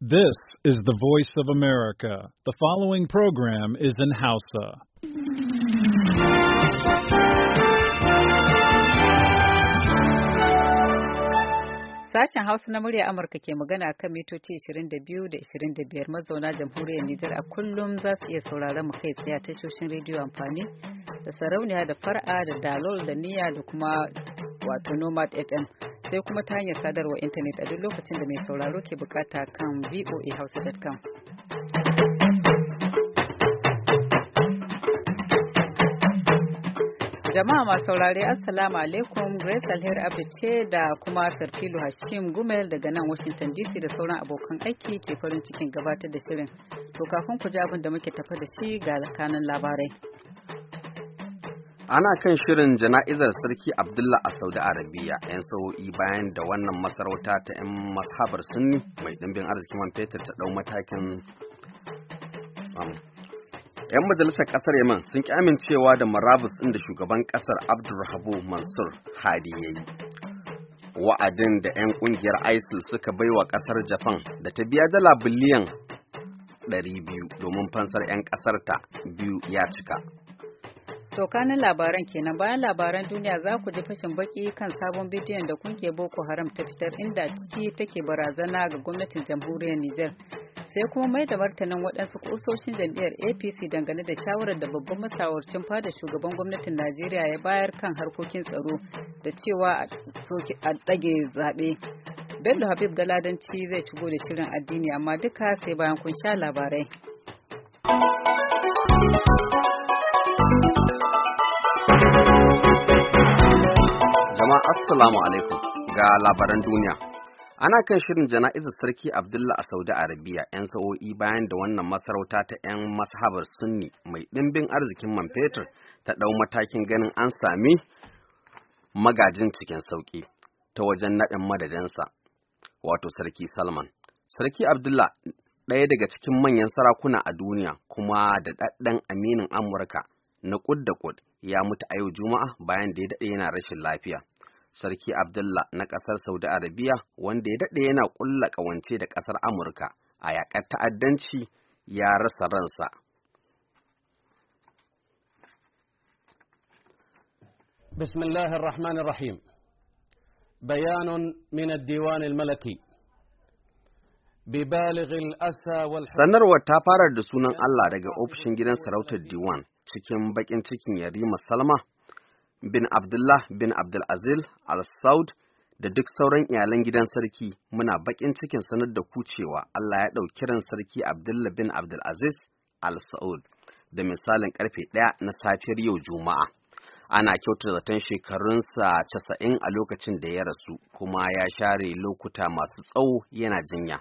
This is the voice of America. The following program is in Hausa. Sashen Hausa na murya Amurka ke magana kan mitoci 22 da 25 mazauna jamhuriyar Nijar a kullum za su iya sauraron mu kai tsaye tashoshin rediyo amfani da sarauniya da far'a da dalol da niyya da kuma wato nomad fm sai kuma ta hanyar sadarwa intanet a duk lokacin da mai sauraro ke bukata kan voahouse.com jama'a masu saurare assalamu alaikum grace alheri abice da kuma sarfilu hashim gumel daga nan washington dc da sauran abokan aiki ke farin cikin gabatar da shirin to kafin ku ji abin da muke tafa da shi ga kanan labarai ana kan shirin jana'izar sarki abdullah a saudi arabiya yan sa'o'i bayan da wannan masarauta ta 'yan mashabar sunni mai dimbin arzikin man fetur ta ɗau matakin um, 'yan majalisar ƙasar yaman sun ki amincewa da marabus ɗin da shugaban ƙasar abdulrahabu mansur hadi ya yi wa'adin da 'yan ƙungiyar isil suka bai wa ƙasar japan da ta biya dala biliyan 200 domin fansar 'yan ta biyu ya cika To kanin labaran kenan bayan labaran duniya za ku ji fashin baki kan sabon bidiyon da kungiyar Boko Haram ta fitar inda ciki take barazana ga gwamnatin jamhuriyar Nijar. Sai kuma mai da martanin waɗansu kusoshin jam'iyyar APC dangane da shawarar da babban masawarcin fada shugaban gwamnatin Najeriya ya bayar kan harkokin tsaro da cewa a tsage zaɓe. Bello Habib Galadanci zai shigo da shirin addini amma duka sai bayan kun sha labarai. Jama'a Assalamu alaikum ga labaran duniya. Ana kan shirin jana'izar Sarki Abdullah a Saudi Arabiya 'yan sa'o'i bayan da wannan masarauta ta 'yan mashabar Sunni mai ɗimbin arzikin man fetur ta ɗau matakin ganin an sami magajin cikin sauƙi ta wajen naɗin madadinsa, wato Sarki Salman. Sarki Abdullah ɗaya daga cikin manyan sarakuna a duniya kuma da ɗaɗɗan aminin Amurka na ƙud da kud ya mutu a yau juma'a bayan da ya daɗe yana rashin lafiya sarki abdullah na ƙasar saudi arabiya wanda ya daɗe yana ƙulla ƙawance da ƙasar amurka a yaƙar ta'addanci ya rasa ransa بسم الله الرحمن الرحيم بيان من الديوان sanarwar ta fara da sunan Allah daga ofishin gidan sarautar Diwan cikin baƙin cikin yarima salma bin abdullah bin abdulazil al-saud da duk sauran iyalan gidan sarki muna baƙin cikin sanar da ku cewa allah ya ɗauki kiran sarki abdullah bin abdulaziz al-saud da misalin karfe ɗaya na safiyar yau juma'a ana kyautar zaton shekarunsa casa'in a lokacin da ya rasu kuma ya share lokuta masu tsawo yana jinya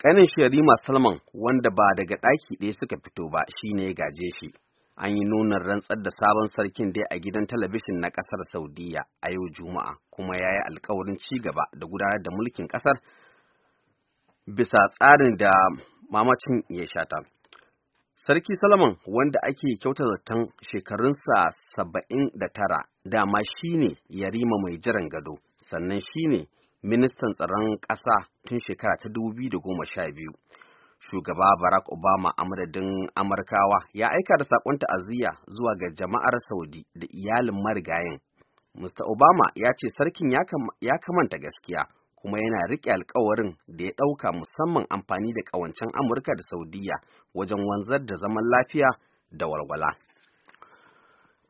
Ƙanin Sherima Salman wanda ba daga ɗaki ɗaya suka fito ba shine ya gaje shi. An yi nunar rantsar da sabon sarkin dai a gidan talabishin na ƙasar Saudiya a yau Juma'a kuma ya yi alkawarin ci gaba da gudanar da mulkin ƙasar bisa tsarin da mamacin ya shata. Sarki Salman wanda ake kyauta zaton shekarunsa saba'in da tara dama shine yarima mai jiran gado sannan shine ministan tsaron ƙasa tun shekara ta 2012. Shugaba Barack Obama a madadin Amurkawa ya aika da saƙon ta'aziyya zuwa ga jama'ar Saudi da iyalin marigayin. Mr. Obama ya ce sarkin ya kamanta gaskiya kuma yana riƙe alkawarin da ya ɗauka musamman amfani da ƙawancen Amurka da Saudiya wajen wanzar da zaman lafiya da walwala.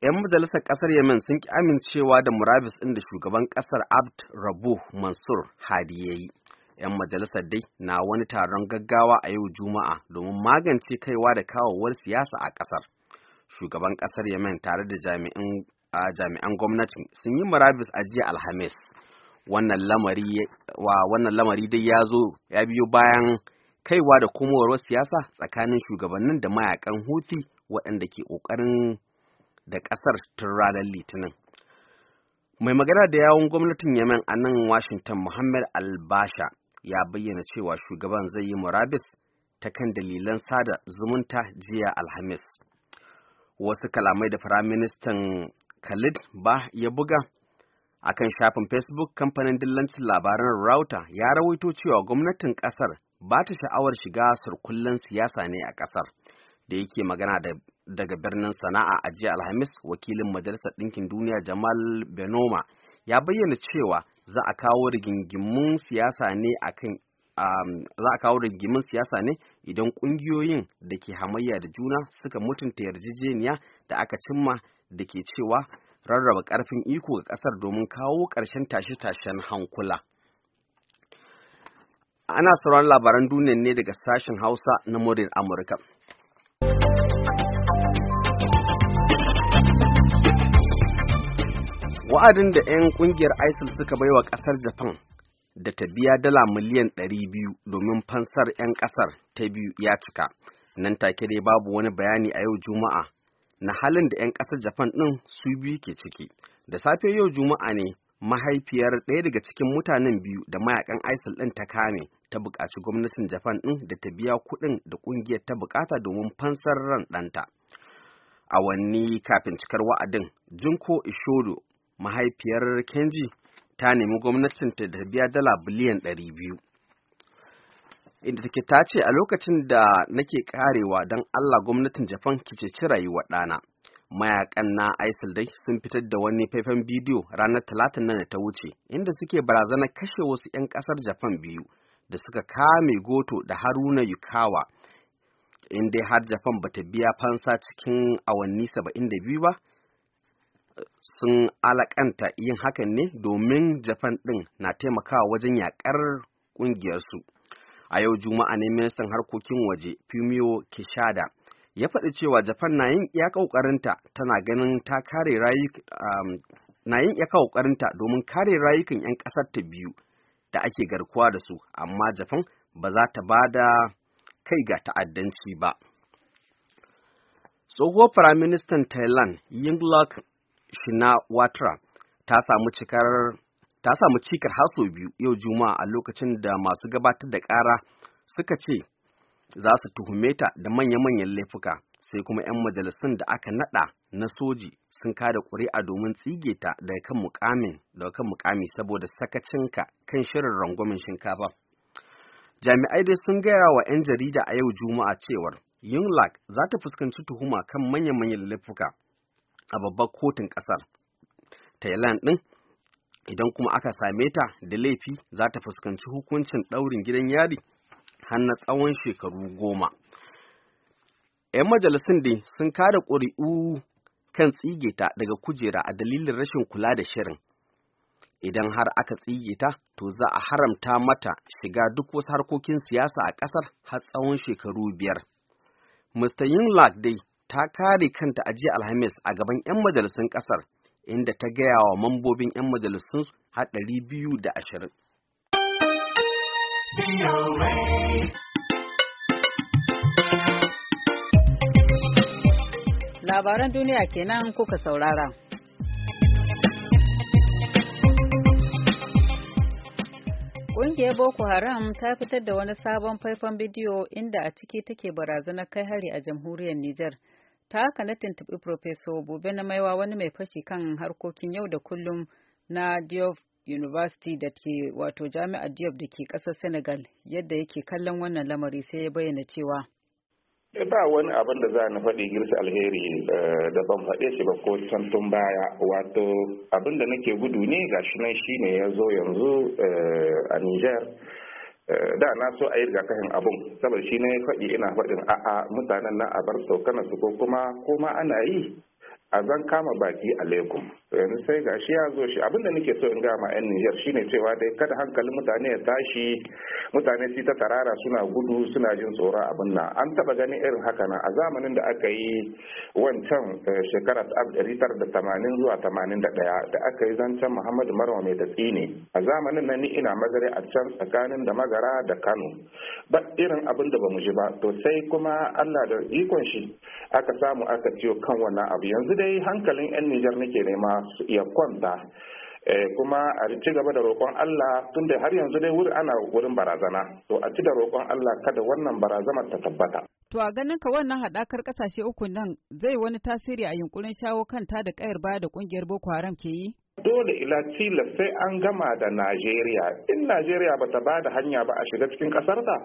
'yan majalisar ƙasar yemen sun ki amincewa da murabis ɗin da shugaban ƙasar abd rabu mansur hadi ya yi 'yan majalisar dai na wani taron gaggawa a yau juma'a domin magance kaiwa da kawowar siyasa a ƙasar. shugaban ƙasar yemen tare da jami'an gwamnati sun yi murabis a jiya alhamis wannan lamari dai ya zo ya biyo bayan kaiwa da komowar siyasa tsakanin shugabannin da mayakan hutu waɗanda ke ƙoƙarin da ƙasar tun ranar litinin mai magana da yawon gwamnatin yemen a nan washington muhammad albasha ya bayyana cewa shugaban zai yi murabis ta kan dalilan sada zumunta jiya alhamis wasu kalamai da firaministan khalid ba ya buga a kan shafin facebook kamfanin dillancin labaran rauta ya rawaito cewa gwamnatin kasar ba ta sha'awar shiga surkullen siyasa ne a kasar da yake magana da daga birnin sana'a a jiya alhamis wakilin majalisar ɗinkin duniya jamal benoma ya bayyana cewa za a kawo rigingimun siyasa ne akan um, za a kawo siyasa ne idan ƙungiyoyin da ke hamayya da juna suka mutunta yarjejeniya da aka cimma da ke cewa rarraba ƙarfin iko ga ƙasar domin kawo ƙarshen tashe-tashen hankula. Ana sauran labaran duniya ne daga sashen Hausa na Murin Amurka. Wa'adin da 'yan kungiyar ISIL suka bai wa ƙasar Japan da ta biya dala miliyan 200 domin fansar 'yan ƙasar ta biyu ya cika. Nan take dai babu wani bayani a yau Juma'a na halin da 'yan ƙasar Japan ɗin su biyu ke ciki. Da safe yau Juma'a ne mahaifiyar ɗaya daga cikin mutanen biyu da mayakan ISIL ɗin ta kame ta buƙaci gwamnatin Japan ɗin da ta biya kuɗin da ƙungiyar ta buƙata domin fansar ran ɗanta. a awanni kafin cikar wa'adin Junko Ishodo mahaifiyar kenji ta nemi gwamnatinta ta biya dala biliyan 200 inda take ta ce a lokacin da nake karewa don allah gwamnatin japan ki ci rayuwa ɗana mayakan na isil dai sun fitar da wani faifan bidiyo ranar talatin na da ta wuce inda suke barazanar kashe wasu 'yan kasar japan biyu da suka kame goto da haruna yukawa in dai har japan bata biya fansa cikin awanni 72 ba sun alakanta yin hakan ne domin japan ɗin na taimakawa wajen yaƙar ƙungiyarsu a yau juma'a ne ministan harkokin waje fumio kishada ya faɗi cewa japan na yin iya ƙoƙarinta tana um, yin iya ƙoƙarinta domin kare rayukan 'yan ƙasar ta biyu da ake garkuwa da su amma japan ba za ta ba da kai ga ta'addanci ba tsohuwar firaministan thailand yingluck shina watra ta samu cikar ta biyu yau juma'a a lokacin da masu gabatar da ƙara suka ce za su tuhume ta da manya-manyan laifuka sai kuma 'yan majalisun da aka nada na soji sun kada ƙuri'a domin tsige ta daga kan mukamin daga mukami saboda sakacinka kan shirin rangwamen shinkafa jami'ai dai sun gaya wa 'yan jarida a yau juma'a cewar yunlak za ta fuskanci tuhuma kan manya-manyan laifuka a babbar kotun ƙasar. Thailand ɗin idan kuma aka same ta da laifi za ta fuskanci hukuncin ɗaurin gidan yari har na tsawon shekaru goma. 'Yan majalisun dai sun kada ƙuri'u kan tsige ta daga kujera a dalilin rashin kula da shirin. Idan har aka tsige ta, to za a haramta mata shiga duk wasu harkokin siyasa a ƙasar har tsawon shekaru biyar. Mr. Yingluck dai ta kare kanta a jiya alhamis a gaban 'yan majalisun kasar inda ta gaya wa mambobin 'yan majalisun haɗari biyu da ashirin. Labaran duniya kenan kuka saurara. Ƙungiyar Boko Haram ta fitar da wani sabon faifan bidiyo inda a ciki take barazanar kai hari a jamhuriyar Nijar. ta haka na tuntuɓi Profesor Bobe na Maiwa wani mai fashi kan harkokin yau da kullum na Diop University da ke wato jami'ar Diop da ke ƙasar Senegal yadda yake kallon wannan lamari sai ya bayyana cewa. Eh, ba wani abin da za na faɗi girsa alheri eh, da ban faɗe shi ba ko can baya wato abin da nake gudu ne gashi nan shine ya zo yanzu eh, a nijar. Eh, da na so a yi rigakafin abun saboda shi ne faɗi ina faɗin a'a mutanen na a bar saukanar su ko kuma koma ana yi a zan kama baki alaikum yanzu sai ga shi ya zo shi abinda nake so in ga ma yan Niger shine cewa dai kada hankalin mutane ya tashi mutane su ta tarara suna gudu suna jin tsoro abin nan an taba gani irin haka nan a zamanin da aka yi wancan eh, shekara ritar da tamanin zuwa tamanin da ɗaya da aka yi zancen Muhammadu Marwa mai datsi ne a zamanin nan ni ina magare a can tsakanin da magara da Kano ba irin abin da bamu ji ba to sai kuma Allah da ikon shi aka samu aka ciwo kan wannan abu yanzu dai hankalin 'yan Nijar nake nema su iya kwanta eh, kuma a ci gaba da roƙon Allah tun da har yanzu dai wuri ana wurin barazana to a ci da roƙon Allah kada wannan barazanar ta tabbata. To a ganin ka wannan haɗakar ƙasashe uku nan zai wani tasiri a yunkurin shawo kanta da ƙayar baya da ƙungiyar Boko Haram ke yi? dole ila tilas sai an gama da Najeriya in Najeriya bata ba da hanya ba a shiga cikin kasar ta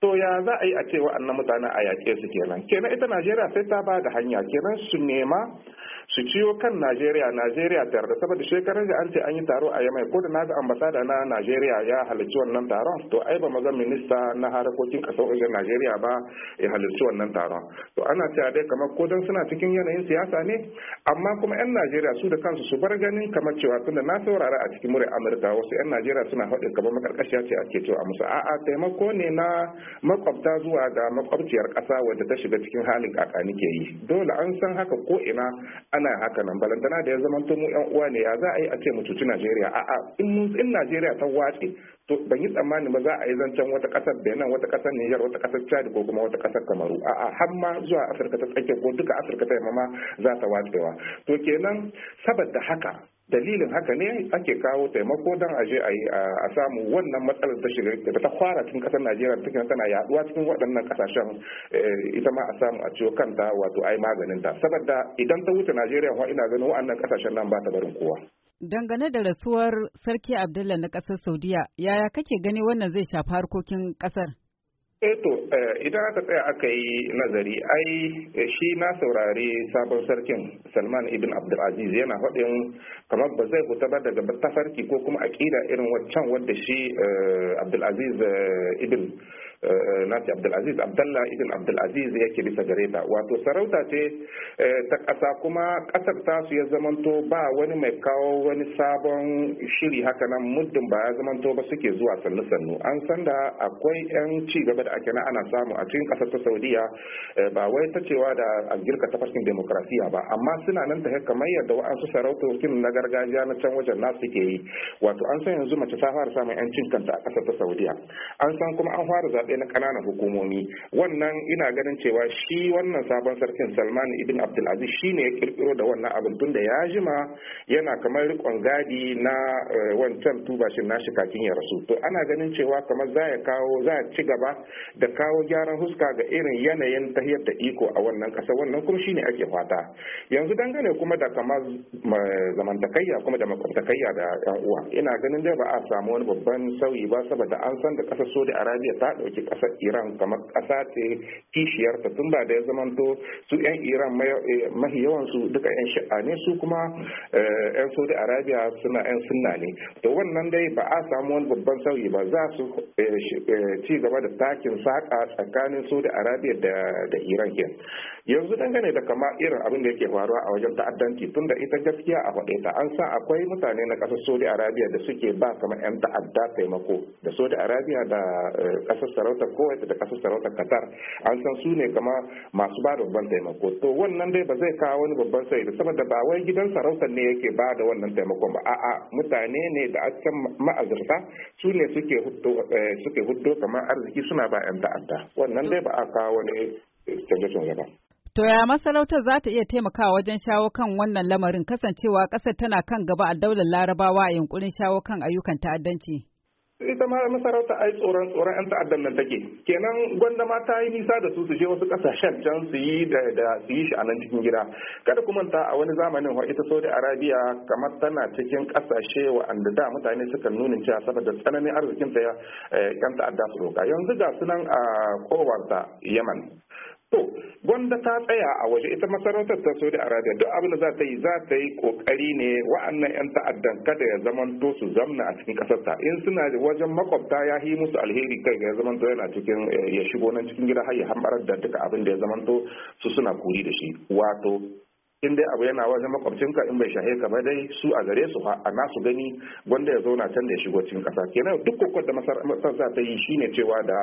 to ya za a yi a ce annan mutane a yaƙe su kenan kenan ita Najeriya sai ta ba da hanya kenan su nema su ciwo kan Najeriya Najeriya ta yarda saboda shekarar da an ce an yi taro a Yamai ko da na ga ambasada na Najeriya ya halarci wannan taron to ai ba maza minista na harkokin kasar wajen Najeriya ba ya halarci wannan taron to ana cewa dai kamar ko dan suna cikin yanayin siyasa ne amma kuma 'yan Najeriya su da kansu su bar ganin kamar zama cewa tunda na saurara a cikin murya amurka wasu 'yan najeriya suna haɗin gaba makarkashiya ce a ake cewa musu a'a taimako ne na makwabta zuwa ga makwabciyar ƙasa wadda ta shiga cikin halin kakani ke yi dole an san haka ko ina ana haka nan balantana da ya zama mu 'yan uwa ne ya za a yi a ce mu cuci najeriya a'a in najeriya ta watse to ban yi tsammani ba za a yi zancen wata kasar benin wata kasar niger wata kasar chad ko kuma wata kasar kamaru a'a har ma zuwa afirka ta tsakiya ko duka afirka ta yamma ma za ta watsewa to kenan saboda haka dalilin haka ne ake kawo taimako don aje a yi a samu wannan matsalar ta shiga da ta fara cikin kasar najeriya da take tana yaduwa cikin waɗannan kasashen eh, ita ma a samu a ciwo kanta wato ai maganin ta saboda idan ta wuce najeriya wa ina ganin waɗannan kasashen nan ba ta barin kowa dangane da rasuwar sarki abdullah na kasar saudiya yaya kake gani wannan zai shafi harkokin kasar eto eh eh, idan aka tsaya aka yi nazari ai eh, shi na saurari sabon sarkin salman ibn abdulaziz yana faɗin kamar ba zai fita ba daga tafarki ko kuma aƙida irin waccan wadda shi abdulaziz ibn Eh, nati abdulaziz abdallah ibn abdulaziz yake bisa gare ta wato sarauta ce eh, ta ƙasa kuma ƙasar tasu ya zamanto ba wani mai kawo wani sabon shiri haka nan muddin ba ya zamanto ba suke zuwa sannu sannu an san da akwai yan ci gaba da ake na ana samu a cikin ƙasar ta saudiya eh, ba wai ta cewa da a girka tafarkin demokrasiya ba amma suna nan ta mayar yadda wa'ansu sarautokin na gargajiya na can wajen nasu ke yi wato an san yanzu mace ta fara samun yancin kanta a ƙasar ta saudiya an san kuma an fara zaɓe matsayi na kananan hukumomi wannan ina ganin cewa shi wannan sabon sarkin salman ibn abdulaziz shi ne ya kirkiro da wannan abin tun da ya jima yana kamar rikon gadi na eh, wancan tubashin nashi kakin ya rasu to ana ganin cewa kamar za ya kawo za a ci gaba da kawo gyaran huska ga irin yanayin tahiyar da iko a wannan ƙasa wannan kuma shine ake fata yanzu dangane kuma da kamar eh, zamantakayya kuma da makwabtakayya da yan uwa ina ganin dai ba a samu wani babban sauyi ba saboda an san da ƙasar saudi arabia ta ɗauki ɗauki kasar iran kamar ƙasa ce kishiyarta tun ba da ya zamanto su 'yan iran eh, mahi su duka 'yan sha'a ne su kuma 'yan eh, saudi arabia suna 'yan sunna ne to wannan dai ba a samu wani babban sauyi ba za su eh, ci gaba da takin saka tsakanin saudi arabia da iran ke yanzu dangane da kama irin abin da yake faruwa a wajen ta'addanci tun da ita gaskiya a faɗe ta an san akwai mutane na ƙasar saudi arabia da suke ba kamar 'yan ta'adda taimako da saudi arabia da ƙasar ko kowace da kasar sarautar qatar an san su ne kama masu ba da babban taimako to wannan dai ba zai kawo wani babban sai da saboda ba wai gidan sarautar ne yake ba da wannan taimakon ba a'a mutane ne da akan ma'azurta su ne suke hutto eh, suke huddo kamar arziki suna ba 'yan ta'adda wannan dai ba a kawo wani canje-canje ba To ya masarautar za ta iya taimakawa wajen shawo kan wannan lamarin kasancewa ƙasar tana kan gaba a daular larabawa a yunkurin shawo kan ayyukan ta'addanci? ita ma masarauta ai tsoron tsoron yan ta'addan nan take kenan gwanda ma ta yi nisa da su su je wasu kasashen can su yi da su yi shi a nan cikin gida kada kuma manta a wani zamanin wa ita saudi arabiya kamar tana cikin kasashe wa'anda da mutane suka nuna cewa saboda tsananin arzikin ta yan eh, ta'adda su roka yanzu ga sunan a kowarta yaman to gwanda ta tsaya a waje ita masarautar ta saudi arabia duk abin da za ta yi za ta yi kokari ne wa'annan yan ta'addan kada ya zamanto su zamna a cikin kasar ta in suna wajen makwabta ya yi musu alheri kai ya to yana cikin eh, ya shigo nan cikin gida har ya hambarar da duka abin da ya zamanto su suna kuri da shi wato in dai abu yana wajen makwabcinka in bai shahe ka ba dai su a gare su a nasu gani Gwanda ya zauna can da ya shigo cikin kasa kenan duk kokon da masar za ta yi shine cewa da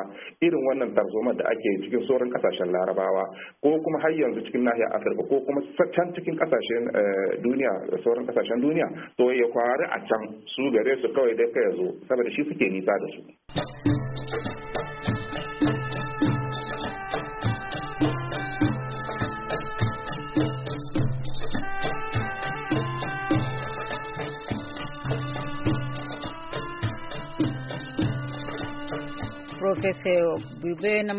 irin wannan tarzoma da ake cikin sauran kasashen larabawa ko kuma har yanzu cikin nahiyar afirka ko kuma can cikin kasashen eh, duniya sauran kasashen duniya to ya kwari a can su gare su kawai dai ka ya zo saboda shi suke nisa da su Professor Bube na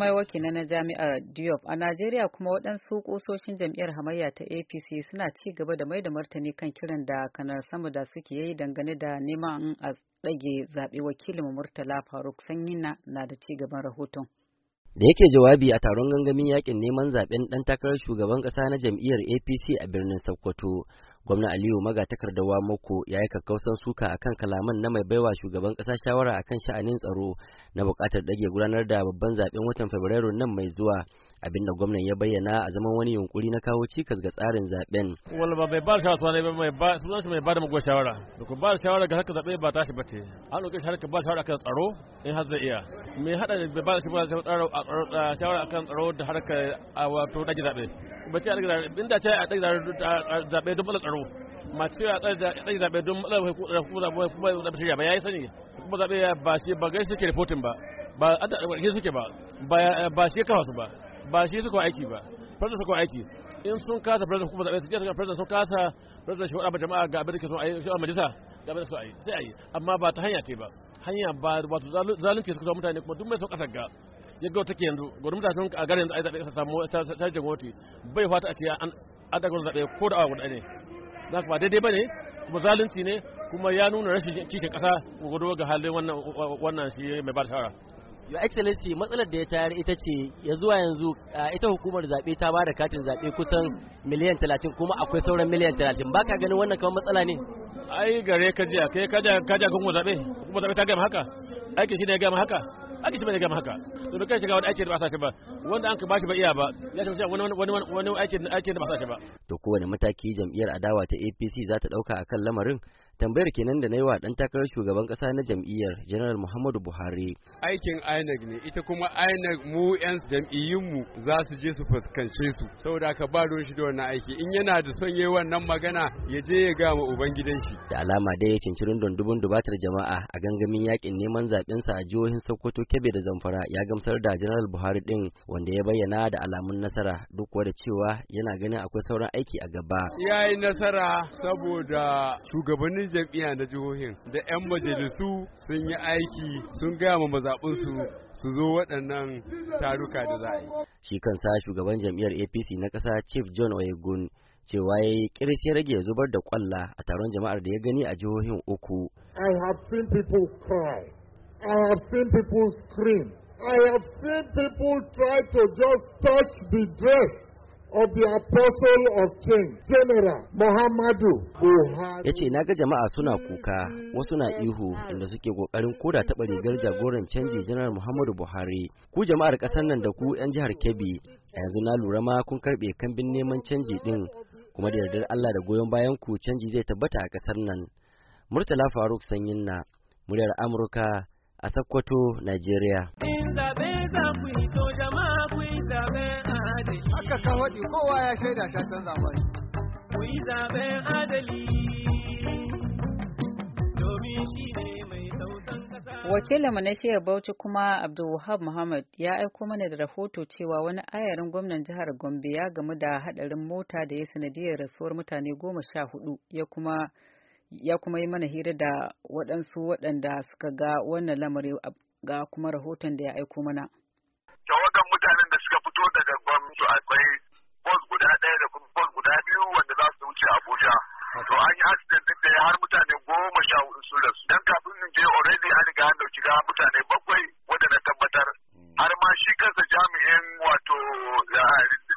na jami'ar Diop a Najeriya kuma waɗansu ƙusoshin jam'iyyar hamayya ta APC suna ci gaba da mai da martani kan kiran da kanar sama da suke yi dangane da neman a tsage zaɓe wakilin Murtala Faruk sanyi na da ci gaban rahoton. Da yake jawabi a taron gangamin yakin neman zaɓen ɗan takarar shugaban ƙasa na jam'iyyar APC a birnin Sokoto, gwamna aliyu maga takardawa mako ya yi kakkausan suka akan kalaman na mai baiwa shugaban kasa shawara akan sha'anin tsaro na bukatar dage gudanar da babban zaben watan fabrairu nan mai zuwa Abin da gwamnan ya bayyana a zaman wani yunkuri na kawo cikas ga tsarin zaben. Wala ba mai ba shawara ne ba mai ba sunan shi mai ba da magwai shawara. Da ku ba shawara ga harkar zaɓe ba tashi bace. An roƙe shi harkar ba shawara akan tsaro in har zai iya. Mai haɗa da bai ba shi ba shawara akan tsaro da a wato ɗage zaɓe. Ba ce a ɗage zaɓe inda ce a ɗage zaɓe don bala tsaro. Ma ce a ɗage zaɓe don matsalar kuma zaɓe shirya ba ya yi sani. Kuma zaɓe ba shi ba gaishe ke reporting ba. Ba a ɗaɗa suke ba. Ba shi ya kafa su ba. ba shi suka aiki ba president suka aiki in sun kasa president kuma zaɓe su je president sun kasa president shi ba jama'a ga abin da ke son a yi shi majalisa ga abin da su a yi sai a yi amma ba ta hanya ce ba hanya ba wato zalunci suka zo mutane kuma duk mai son kasar ga ya ga ke yanzu gwarin mutane a garin yanzu a yi zaɓe kasa samu sajin woti bai fata a ce an adaga zaɓe ko da awa guda ne za ba daidai ba ne kuma zalunci ne kuma ya nuna rashin kishin ƙasa gwado ga halin wannan shi mai ba da shawara your excellency matsalar da ya tayar ita ce ya zuwa yanzu ita hukumar zaɓe ta ba da katin zaɓe kusan miliyan 30 kuma akwai sauran miliyan 30 baka ganin wannan kamar matsala ne ai gare ka jiya kai ka kaja kuma zaɓe kuma zaɓe ta gama haka aiki shi ne ya gama haka aiki shi ne ya gama haka to kai shiga wani aiki da ba sa ba wanda an ka bashi ba iya ba ya cewa wani wani wani aiki da ba sa ba to kowane mataki jam'iyyar adawa ta APC za ta dauka akan lamarin tambayar kenan da na yi wa dan takarar shugaban ƙasa na jam'iyyar janar muhammadu buhari aikin inec ne ita kuma inec mu 'yan jam'iyyunmu za su je su fuskance su saboda aka ba don shi da wannan aiki in yana da son yayi wannan magana ya je ya gama ubangidan shi da alama dai ya cinci dundubun dubun dubatar jama'a a gangamin yakin neman zaben sa a jihohin sokoto kebe da zamfara ya gamsar da janar buhari din wanda ya bayyana da alamun nasara duk da cewa yana ganin akwai sauran aiki a gaba ya yi nasara saboda shugabannin 'yan jam'iyya na jihohin da 'yan majalisu sun yi aiki sun gaya ma mazaɓinsu su zo waɗannan taruka da za a yi. Shi kansa shugaban jam'iyyar APC na ƙasa Chief John Oyegun cewa ya yi ya rage zubar da kwalla a taron jama'ar da ya gani a jihohin uku. I have seen people cry. I have seen people scream. I have seen people try to just touch the dress of the apostle of change general muhammadu buhari ya na ga jama'a suna kuka wasu na ihu inda suke kokarin koda taɓa rigar jagoran canji janar muhammadu buhari ku jama'ar ƙasar nan da ku 'yan jihar kebbi a yanzu na lura ma kun karɓe kambin neman canji ɗin kuma da yardar allah da goyon bayan ku canji zai tabbata a ƙasar nan murtala faruk sanyin na muryar amurka a Sokoto, nigeria ka faɗi kowa ya shaida na shiyar Bauchi kuma Abdulwahab Muhammad ya aiko mana da rahoto cewa wani ayarin gwamnan jihar Gombe ya gamu da haɗarin mota da ya sanadiyar rasuwar mutane goma sha hudu ya kuma yi mana hira da waɗansu waɗanda suka ga wannan lamari ga kuma rahoton da ya aiko mana. mutanen da su akwai bus guda ɗaya da kuma bus guda biyu wanda za su wuce Abuja. To an yi accident din da har mutane goma sha hudu sun rasu. Dan kafin in je already an riga an dauki ga mutane bakwai wanda na tabbatar. Har ma shi kansa jami'in wato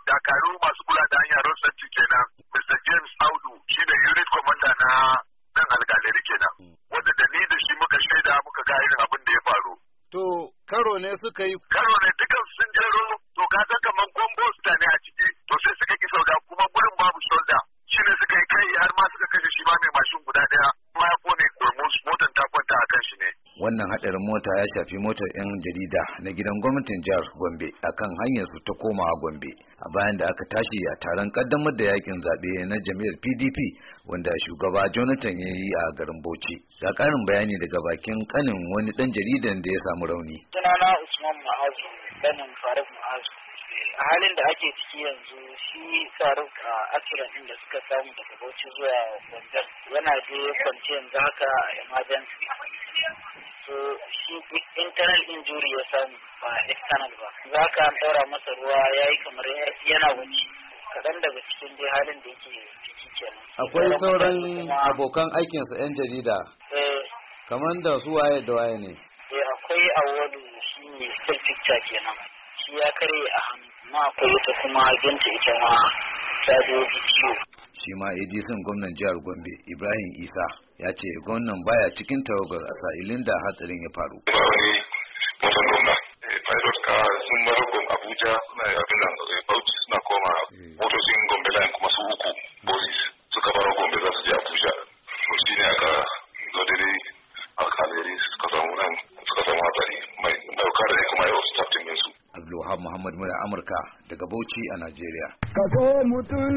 dakaru masu kula da hanyar Rosanti kenan. Mr. James Audu shi ne unit commander na nan alkalari kenan. Hmm. Wanda da ni da shi muka shaida muka ga irin abin da ya faru. To karo ne suka yi hadarin mota ya shafi motar 'yan jarida na gidan gwamnatin jihar Gombe akan hanyar su ta komawa Gombe a bayan da aka tashi a taron kaddamar da yakin zaɓe na jami'ar PDP wanda shugaba Jonathan ya yi a garin Bauchi. Ga ƙarin bayani daga bakin kanin wani ɗan jaridan da ya samu rauni. Sunana to shi eh, internal injury ya samu ba external ba za ka an ɗaura masa ruwa ya yi kamar yana wuce kaɗan daga cikin dai halin da yake ciki kenan akwai sauran abokan aikinsa 'yan jarida eh. kamar da su waye da waye ne eh, akwai awadu shi ne still picture kenan shi ya karye a hannu ma akwai wata kuma binta ita ma ta zo ciwo shi ma edison gwamnan jihar gombe ibrahim isa ya ce gwamnan baya cikin tawagar a sa'ilin da hatsarin ya faru pilot car sun maro abuja suna abin nan bauchi suna koma motocin gombe line kuma su uku boys suka fara gombe za su je abuja to shi ne aka zo dare alkalari suka samu nan suka samu hatsari mai dauka da kuma yau su taftin su abdulwahab muhammad mura amurka daga bauchi a Najeriya. ka so mutum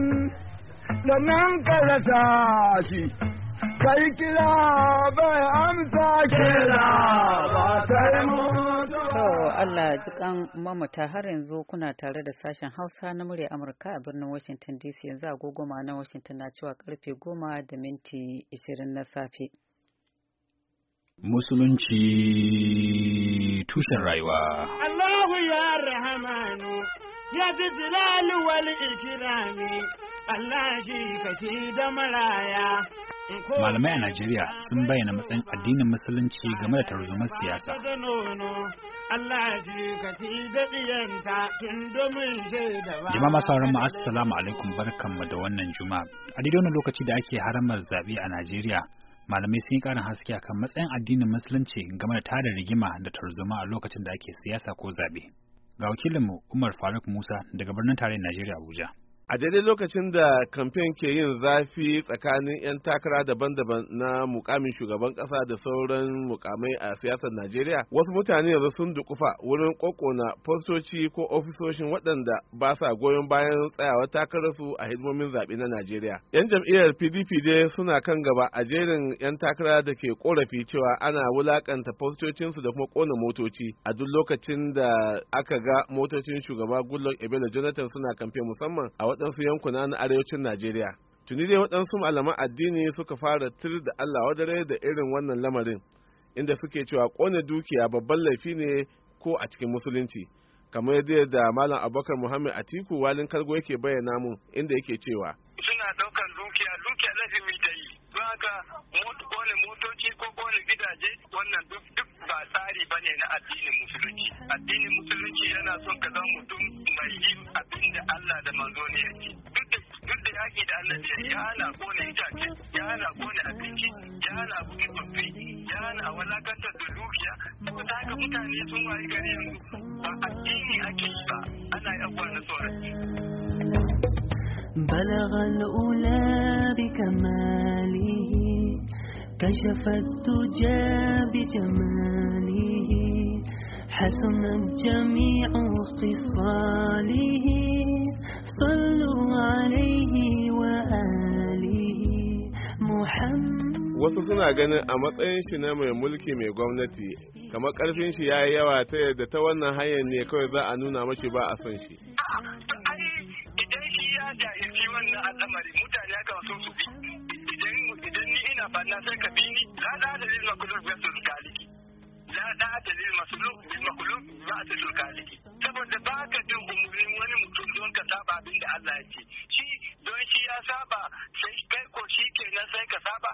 domin ka rasa shi kai kira bai amsa kira ba To Allah jikan mamata har yanzu kuna tare da sashen Hausa na murya Amurka a birnin Washington DC yanzu agogo na Washington na cewa karfe goma da minti ishirin na safe. Musulunci tushen rayuwa. Allahu ya rahamanu Malamai a Najeriya sun bayyana matsayin addinin Musulunci game da tarzomar siyasa. Jama'a masu sauran mu assalamu alaikum barkanmu da wannan juma'a. A daidai lokaci da ake haramar zaɓe a Najeriya, malamai sun yi ƙarin haske akan matsayin addinin Musulunci game da tada rigima da tarzoma a lokacin da ake siyasa ko zaɓe. Ga wakilinmu Umar Faruk Musa daga birnin tarayyar Najeriya Abuja. a daidai lokacin da kamfen ke yin zafi tsakanin 'yan takara daban-daban na mukamin shugaban kasa da sauran mukamai a siyasar najeriya wasu mutane yanzu sun dukufa wurin kokona fostoci ko ofisoshin waɗanda ba sa goyon bayan tsayawa takararsu a hidimomin zaɓe na najeriya 'yan jam'iyyar pdp dai suna kan gaba a jerin 'yan takara da ke korafi cewa ana wulakanta fostocinsu da kuma kona motoci a duk lokacin da aka ga motocin shugaba goodluck ebele jonathan suna kamfe musamman a waɗansu yankuna na arewacin Najeriya. Tuni dai waɗansu malaman addini suka fara tir da Allah wadare da irin wannan lamarin, inda suke cewa ƙone dukiya babban laifi ne ko a cikin musulunci. Kamar yadda da Malam Abubakar Muhammad Atiku walin kargo yake bayyana mu inda yake cewa. Suna ɗaukar dukiya, dukiya lazimi haka kone motoci ko kone gidaje wannan duk duk ba tsari ba ne na addinin musulunci addinin musulunci yana son ka zama mutum mai yi abin da Allah da manzo ne yake duk da yaki da Allah ce ya hana kone itace ya hana kone abinci ya hana buɗe tuffi ya hana walakantar da dukiya da haka mutane sun wayi gari yanzu ba addini ake yi ba ana yi abuwa na tsoron بلغ الأولى بكماله كشف الدجى بجماله حسن الجميع خصاله صلوا عليه وآله محمد wasu suna ganin a matsayin shi na mai mulki mai gwamnati kamar karfin shi ya yi yawa ta yadda ta wannan hanyar ne kawai za a nuna mashi ba a son shi jahilci wannan al'amari mutane ya so su bi idan ni ina banna sai ka bi ni la da dalil makulub ga sul kaliki la da lil masulub bil makulub ba sul kaliki saboda ba ka jin umurin wani mutum don ka saba abin da Allah ya ce shi don shi ya saba sai kai ko shi kenan sai ka saba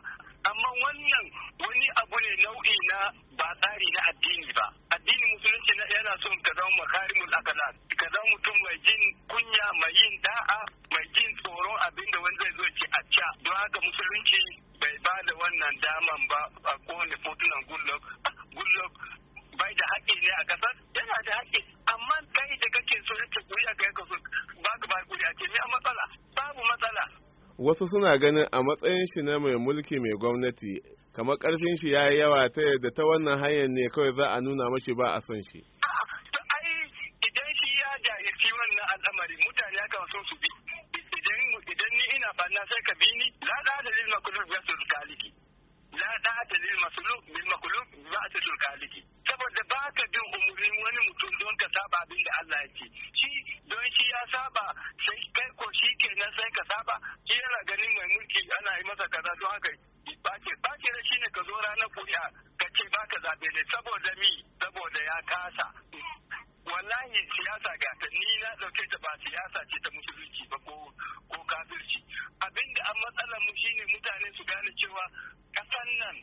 amma wannan wani abu ne nau'i na ba tsari na addini ba addini musulunci yana son ka zama makarimul akalat ka zama mutum mai jin kunya mai yin da'a mai jin tsoron abinda wani zai zo ce a ca don haka musulunci bai ba da wannan daman ba a kowane fotunan gullok gullok bai da haƙƙi ne a ƙasar yana da haƙƙi amma kai da kake so ya ce kuri a kai ka so ba ka ba kuri a ce ni a matsala babu matsala wasu suna ganin a matsayin shi na mai mulki mai gwamnati kamar karfin shi ya yi yawa ta yadda ta wannan hanyar ne kawai za a nuna mashi ba a son shi. Ai idan shi ya jahilci wannan al'amari mutane ya kawo so su bi idan ni ina banna sai ka bi ni la da dalil makulub ya sul kaliki la da dalil masulub bil makulub ba sul kaliki saboda baka bin umurnin wani mutum don ka saba abin da Allah ya ce shi don shi ya saba sai kai ko shi ke kenan sai ka saba shi yana ganin mai mulki ana yi masa kaza don haka bace bace da shine ka zo ranar kuriya ka ce baka zabe ne saboda mi saboda ya kasa wallahi siyasa ga ta ni na dauke ta ba siyasa ce ta musulunci ba ko ko kafirci abinda an matsalar mu shine mutane su gane cewa kasan nan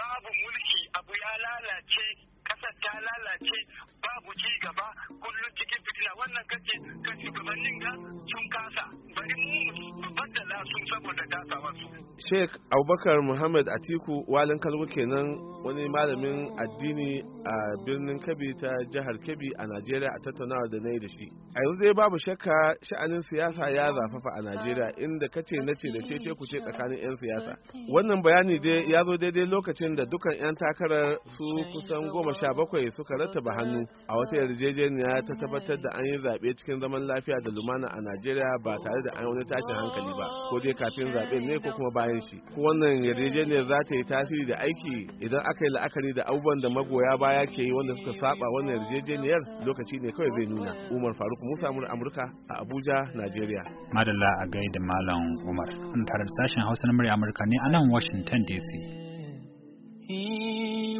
babu mulki abu ya lalace kasa ta lalace babu ci gaba kullum cikin fitina wannan kace ka shugabannin ga sun kasa bari mu baddala sun saboda kasawarsu. Sheikh Abubakar Muhammad Atiku walin kalmu kenan wani malamin addini a birnin Kebbi ta jihar Kebbi a Najeriya a tattaunawa da na yi da shi. A yanzu dai babu shakka sha'anin siyasa ya zafafa a Najeriya inda kace na ce da cece ku ce tsakanin 'yan siyasa. Wannan bayani dai ya zo daidai lokacin da dukan 'yan takarar su kusan goma sha sha bakwai suka rattaba hannu a wata yarjejeniya ta tabbatar da an yi zaɓe cikin zaman lafiya da lumana a najeriya ba tare da an yi wani tashin hankali ba ko dai kafin zaɓen ne ko kuma bayan shi ko wannan yarjejeniyar za ta yi tasiri da aiki idan aka yi la'akari da abubuwan da magoya baya ke yi wanda suka saba wannan yarjejeniyar lokaci ne kawai zai nuna umar faruk musa mura amurka a abuja najeriya madalla a gaida malam umar an tare da sashen hausa na murya amurka ne a nan washington dc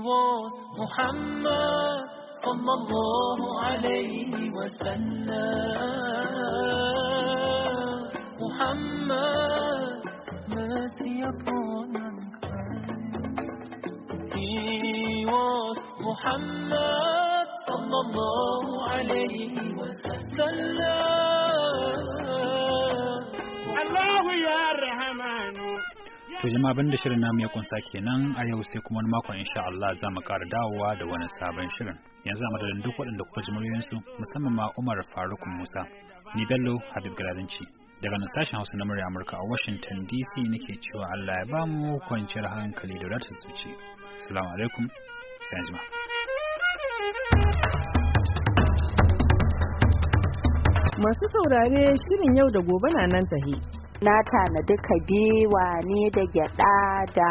الغوث محمد صلى الله عليه وسلم محمد ماتي يطعن He was صلى الله عليه وسلم To jama'a banda shirin namu ya kunsa kenan a yau sai kuma wani makon insha Allah za mu ƙara dawowa da wani sabon shirin. Yanzu a madadin duk waɗanda kuka ji muryoyinsu musamman ma Umar Faruk Musa. Ni Bello Habib Galadanci. Daga nan sashen Hausa na murya Amurka a Washington DC nake cewa Allah ya ba mu kwanciyar hankali da wadatar zuci. Assalamu alaikum. Sai jima'a. Masu saurare shirin yau da gobe na nan tahi na tanadi kabewa ne da gyada da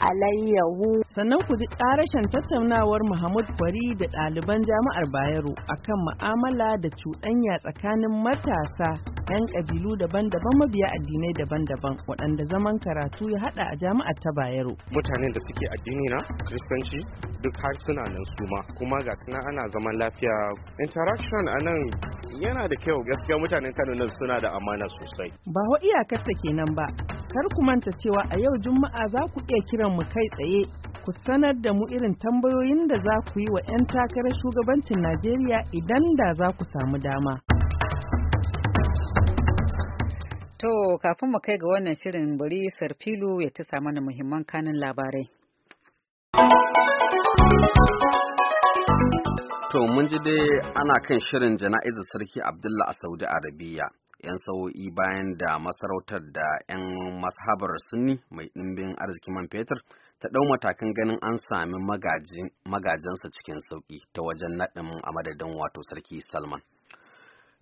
alayyahu sannan ku ji tsarashin tattaunawar Muhammad Kwari da ɗaliban jami'ar Bayero akan ma'amala da cuɗanya tsakanin matasa 'yan ƙabilu daban-daban mabiya addinai daban-daban waɗanda zaman karatu ya haɗa a jami'ar ta Bayero mutanen da suke addini na kristanci duk har suna nan suma kuma ga ana zaman lafiya interaction a nan yana da kyau gaskiya mutanen Kano nan suna da amana sosai. Ba wa iyakar ta kenan ba. Kar ku manta cewa a yau Juma'a za ku iya kiran mu kai tsaye ku sanar da mu irin tambayoyin da za ku yi wa 'yan takarar shugabancin Najeriya idan da za ku samu dama. To kafin mu kai ga wannan shirin bari Sarfilu ya ci mana muhimman kanin labarai. To mun ji dai ana kan shirin jana'izar sarki abdulla a Saudi Arabiya. 'Yan sa'o'i bayan da masarautar da 'yan mashabar sunni mai ɗimbin arziki man fetur ta ɗau matakan ganin an sami magajinsa cikin sauƙi ta wajen naɗin a madadin wato sarki Salman.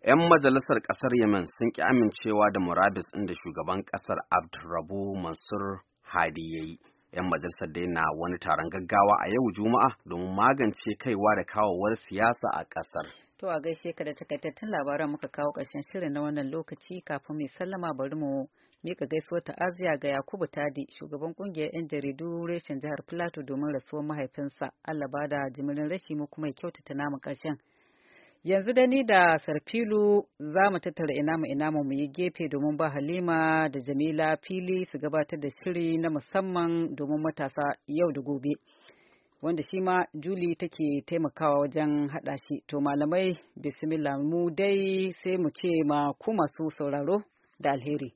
'Yan majalisar ƙasar Yemen sun ƙi amincewa da murabis inda shugaban ƙasar Abdurrabu Mansur Hadi ya yi. 'yan majalisar dai na wani taron gaggawa a yau juma'a domin magance kaiwa da kawowar siyasa a kasar. To a gaishe ka da takaitattun labaran muka kawo ƙarshen shirin na wannan lokaci kafin mai sallama bari mu mika gaisuwar ta'aziya ga Yakubu Tadi shugaban kungiyar 'yan jaridu reshen jihar Plateau domin rasuwar mahaifinsa Allah bada jimirin rashi mu kuma ya kyautata namu ƙarshen. Yanzu da ni da Sarfilu za mu tattara ina mu ina mu yi gefe domin ba Halima da Jamila fili su gabatar da shiri na musamman domin matasa yau da gobe. Wanda shi ma Juli take taimakawa wajen haɗa shi. To malamai, bismillah mu dai sai mu ce ma ku masu sauraro da alheri.